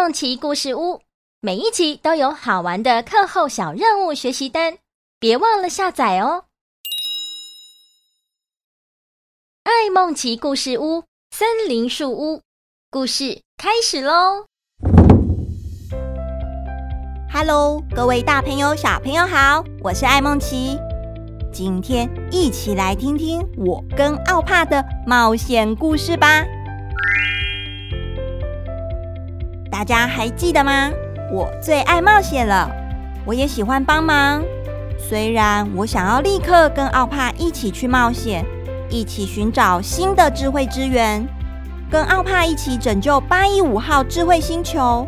愛孟奇故事屋每一集都有好玩的課後小任務學習單，別忘了下載哦。愛孟奇故事屋森林樹屋故事開始嘍！Hello，各位大朋友小朋友好，我是愛孟奇，今天一起來聽聽我跟奧帕的冒險故事吧。大家還記得嗎？我最愛冒險了，我也喜歡幫忙。雖然我想要立刻跟奧帕一起去冒險，一起尋找新的智慧之源，跟奧帕一起拯救八一五號智慧星球，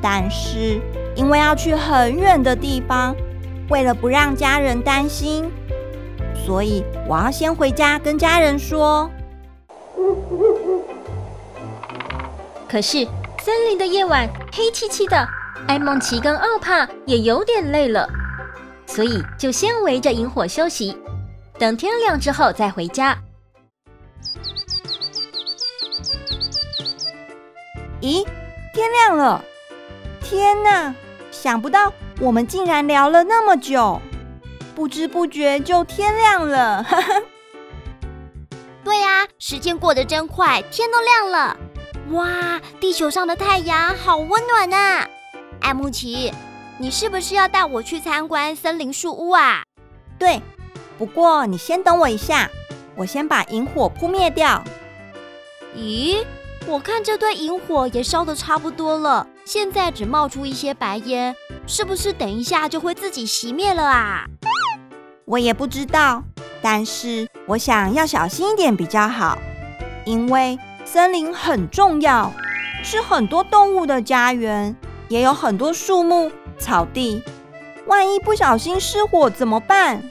但是因為要去很遠的地方，為了不讓家人擔心，所以我要先回家跟家人說。可是。森林的夜晚黑漆漆的，愛孟奇跟奧帕也有點累了，所以就先圍着營火休息，等天亮之後再回家。咦，天亮了！天哪，想不到我們竟然聊了那麼久，不知不覺就天亮了。哈哈，對呀、啊，時間過得真快，天都亮了。哇，地球上的太陽好溫暖吶啊！愛孟奇，你是不是要帶我去參觀森林樹屋啊？對，不過你先等我一下，我先把營火撲滅掉。咦，我看這堆營火也燒得差不多了，現在只冒出一些白煙，是不是等一下就會自己熄滅了啊？我也不知道，但是我想要小心一點比較好，因為。森林很重要，是很多動物的家園，也有很多樹木、草地。萬一不小心失火怎麼辦？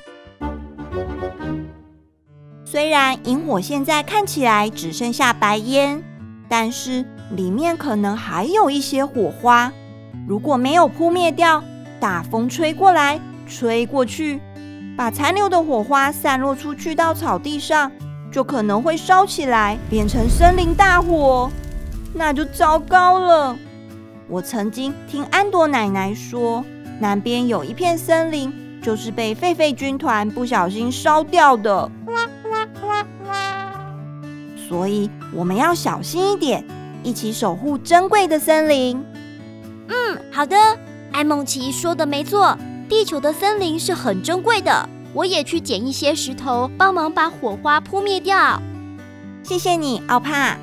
雖然營火現在看起來只剩下白煙，但是裡面可能還有一些火花。如果沒有撲滅掉，大風吹過來、吹過去，把殘留的火花散落出去到草地上。就可能會燒起來，變成森林大火，那就糟糕了。我曾經聽安朵奶奶說，南邊有一片森林，就是被狒狒軍團不小心燒掉的。所以我們要小心一點，一起守護珍貴的森林。嗯，好的，愛孟奇說的沒錯，地球的森林是很珍貴的。我也去撿一些石頭，幫忙把火花撲滅掉。謝謝你，奧帕。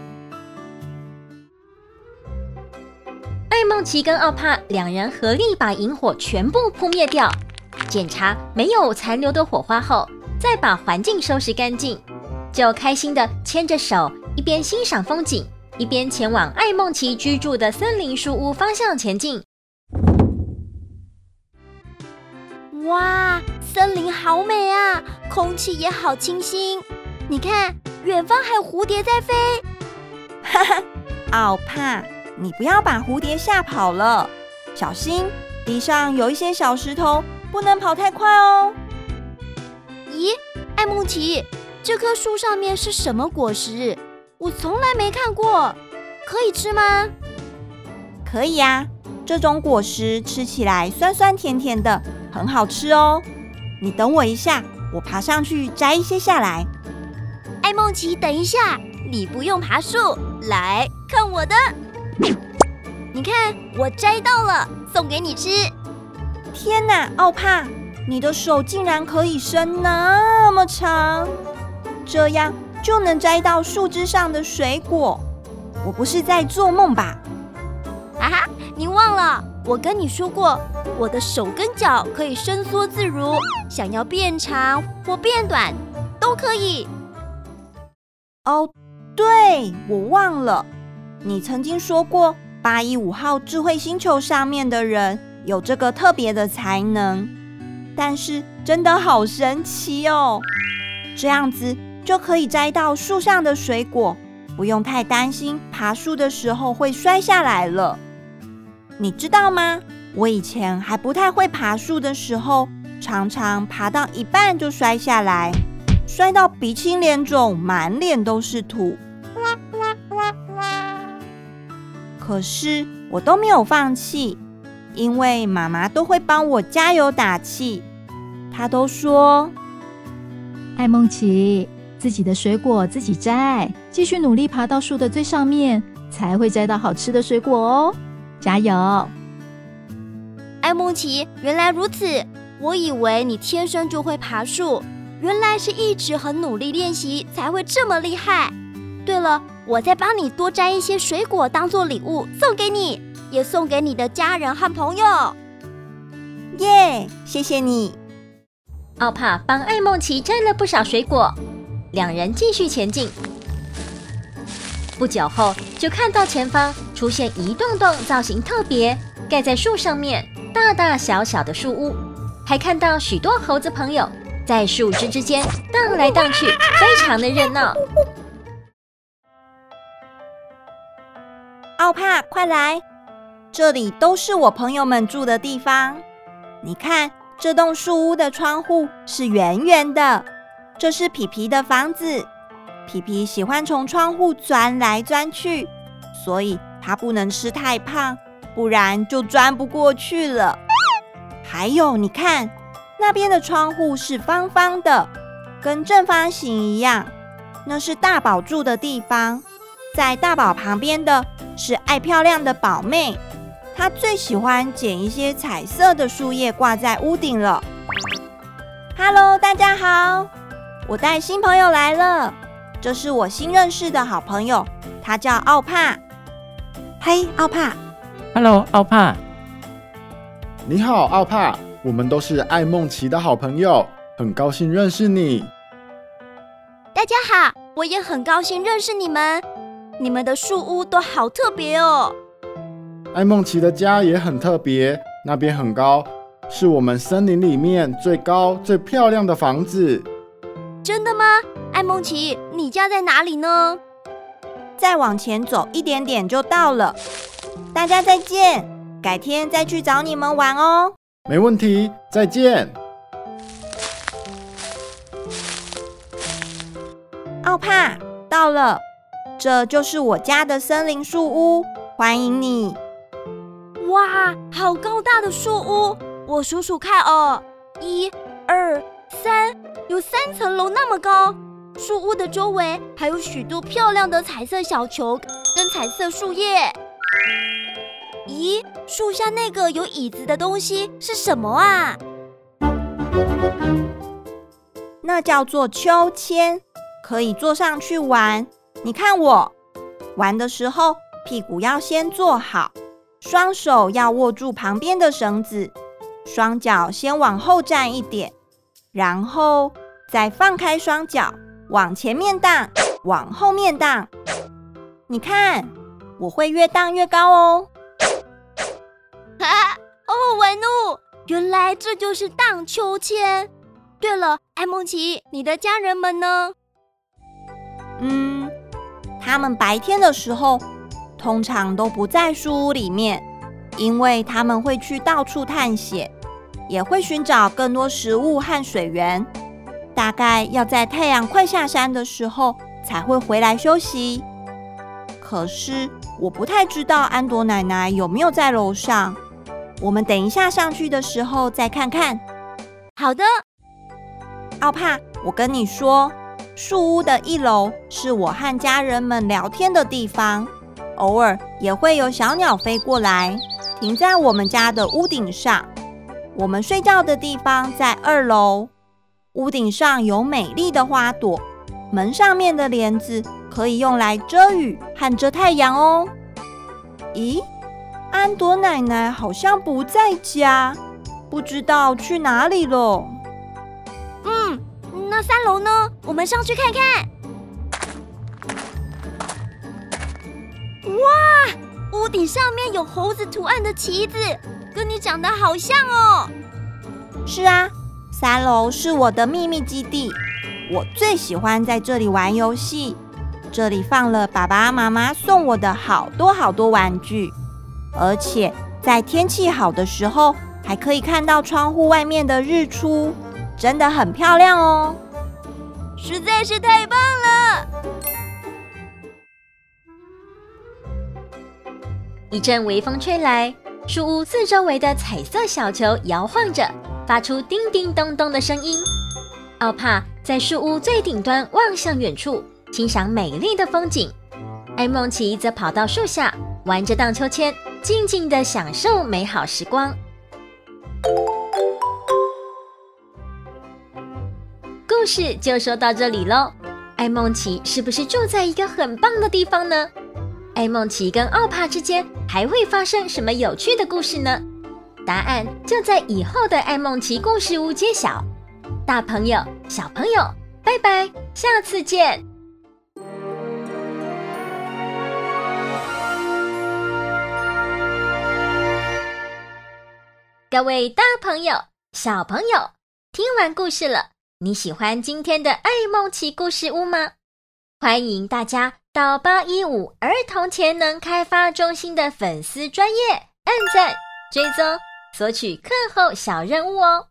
愛孟奇跟奧帕兩人合力把營火全部撲滅掉，檢查沒有殘留的火花後，再把環境收拾乾淨，就開心的牽着手，一邊欣賞風景，一邊前往愛孟奇居住的森林樹屋方向前進。哇，森林好美啊，空氣也好清新。你看，遠方還有蝴蝶在飛。哈哈，奧帕，你不要把蝴蝶嚇跑了，小心地上有一些小石頭，不能跑太快哦。咦，愛孟奇，這棵樹上面是什麼果實？我從來沒看過，可以吃嗎？可以呀，啊。這種果實吃起來酸酸甜甜的，很好吃哦。你等我一下，我爬上去摘一些下來。愛孟奇，等一下，你不用爬樹，來看我的。你看，我摘到了，送給你吃。天哪，奧帕，你的手竟然可以伸那麼長，這樣就能摘到樹枝上的水果。我不是在做夢吧？你忘了，我跟你說過，我的手跟腳可以伸縮自如，想要變長或變短都可以。哦，對，我忘了，你曾經說過，八一五號智慧星球上面的人有這個特別的才能，但是真的好神奇哦！這樣子就可以摘到樹上的水果，不用太擔心爬樹的時候會摔下來了。你知道嗎？我以前還不太會爬樹的時候，常常爬到一半就摔下來，摔到鼻青臉腫，滿臉都是土。喵喵喵喵喵。可是我都沒有放棄，因為媽媽都會幫我加油打氣。她都說：“愛孟奇，自己的水果自己摘，繼續努力爬到樹的最上面，才會摘到好吃的水果哦。”加油，愛孟奇，原來如此，我以為你天生就會爬樹，原來是一直很努力練習才會這麼厲害。對了，我再幫你多摘一些水果當做禮物送給你，也送給你的家人和朋友。耶、yeah，謝謝你。奧帕幫愛孟奇摘了不少水果，兩人繼續前進。不久後，就看到前方，出現一棟棟造型特別、蓋在樹上面、大大小小的樹屋，還看到許多猴子朋友在樹枝之間盪來盪去，非常的熱鬧。奧帕，快來！這裡都是我朋友們住的地方。你看，這棟樹屋的窗戶是圓圓的，這是皮皮的房子。皮皮喜歡從窗戶鑽來鑽去，所以。它不能吃太胖，不然就鑽不過去了。還有，你看那邊的窗戶是方方的，跟正方形一樣，那是大寶住的地方。在大寶旁邊的是愛漂亮的寶妹，她最喜歡撿一些彩色的樹葉掛在屋頂了。Hello，大家好，我帶新朋友來了，這是我新認識的好朋友，他叫奧帕。嗨，奧帕！Hello，奧帕！你好，奧帕！我們都是愛孟奇的好朋友，很高興認識你。大家好，我也很高興認識你們。你們的樹屋都好特別哦。愛孟奇的家也很特別，那邊很高，是我們森林裡面最高、最漂亮的房子。真的嗎？愛孟奇，你家在哪裡呢？再往前走一點點就到了，大家再見，改天再去找你們玩哦。沒問題，再見。奧帕，到了，這就是我家的森林樹屋，歡迎你。哇，好高大的樹屋，我數數看哦，一、二、三，有三層樓那麼高。樹屋的周圍還有許多漂亮的彩色小球跟彩色樹葉。咦，樹下那個有椅子的東西是什麼啊？那叫做秋千，可以坐上去玩。你看我，玩的時候，屁股要先坐好，雙手要握住旁邊的繩子，雙腳先往後站一點，然後再放開雙腳。往前面盪，往後面盪，你看，我會越盪越高哦！啊、哦，文諾，原來這就是盪秋千。對了，愛孟奇，你的家人們呢？嗯，他們白天的時候通常都不在樹屋裡面，因為他們會去到處探險，也會尋找更多食物和水源。大概要在太陽快下山的時候才會回來休息。可是我不太知道安朵奶奶有沒有在樓上。我們等一下上去的時候再看看。好的，奧帕，我跟你說，樹屋的一樓是我和家人們聊天的地方，偶爾也會有小鳥飛過來，停在我們家的屋頂上。我們睡覺的地方在二樓。屋頂上有美麗的花朵，門上面的簾子可以用來遮雨和遮太陽哦。咦，安朵奶奶好像不在家，不知道去哪裡了。嗯，那三樓呢？我們上去看看。哇，屋頂上面有猴子圖案的旗子，跟你長得好像哦。是啊。三樓是我的秘密基地，我最喜歡在這裡玩遊戲。這裡放了爸爸媽媽送我的好多好多玩具，而且在天氣好的時候，還可以看到窗戶外面的日出，真的很漂亮哦！實在是太棒了！一陣微風吹來，樹屋四周圍的彩色小球搖晃着。發出叮叮咚咚的聲音，奧帕在樹屋最頂端望向遠處，欣賞美麗的風景。愛孟奇則跑到樹下，玩着盪秋千，靜靜的享受美好時光。 故事就說到這裡嘍，愛孟奇是不是住在一個很棒的地方呢？愛孟奇跟奧帕之間還會發生什麼有趣的故事呢？答案就在以後的《愛夢奇故事屋》揭曉。大朋友、小朋友，拜拜，下次見。各位大朋友、小朋友，聽完故事了，你喜歡今天的《愛夢奇故事屋》嗎？歡迎大家到八一五兒童潛能開發中心的粉絲專業按讚、追蹤。索取課後小任務哦。